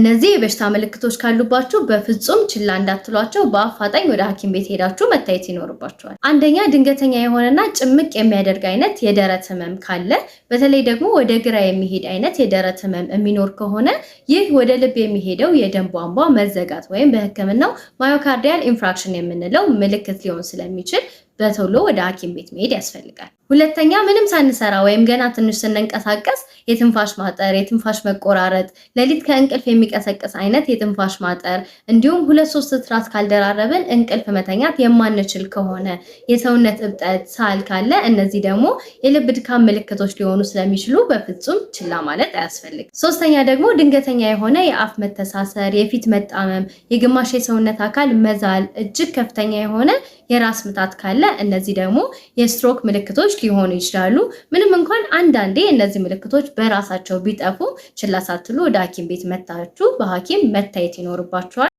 እነዚህ የበሽታ ምልክቶች ካሉባችሁ በፍጹም ችላ እንዳትሏቸው፣ በአፋጣኝ ወደ ሐኪም ቤት ሄዳችሁ መታየት ይኖርባችኋል። አንደኛ ድንገተኛ የሆነና ጭምቅ የሚያደርግ አይነት የደረት ህመም ካለ፣ በተለይ ደግሞ ወደ ግራ የሚሄድ አይነት የደረት ህመም የሚኖር ከሆነ ይህ ወደ ልብ የሚሄደው የደም ቧንቧ መዘጋት ወይም በህክምናው ማዮካርዲያል ኢንፍራክሽን የምንለው ምልክት ሊሆን ስለሚችል በቶሎ ወደ ሐኪም ቤት መሄድ ያስፈልጋል። ሁለተኛ ምንም ሳንሰራ ወይም ገና ትንሽ ስንንቀሳቀስ የትንፋሽ ማጠር፣ የትንፋሽ መቆራረጥ፣ ሌሊት ከእንቅልፍ የሚቀሰቅስ አይነት የትንፋሽ ማጠር እንዲሁም ሁለት ሶስት ትራስ ካልደራረብን እንቅልፍ መተኛት የማንችል ከሆነ የሰውነት እብጠት፣ ሳል ካለ እነዚህ ደግሞ የልብ ድካም ምልክቶች ሊሆኑ ስለሚችሉ በፍጹም ችላ ማለት አያስፈልግ። ሶስተኛ ደግሞ ድንገተኛ የሆነ የአፍ መተሳሰር፣ የፊት መጣመም፣ የግማሽ የሰውነት አካል መዛል፣ እጅግ ከፍተኛ የሆነ የራስ ምታት ካለ እነዚህ ደግሞ የስትሮክ ምልክቶች ሊሆኑ ይችላሉ። ምንም እንኳን አንዳንዴ እነዚህ ምልክቶች በራሳቸው ቢጠፉ ችላ ሳትሉ ወደ ሐኪም ቤት መታችሁ በሐኪም መታየት ይኖርባችኋል።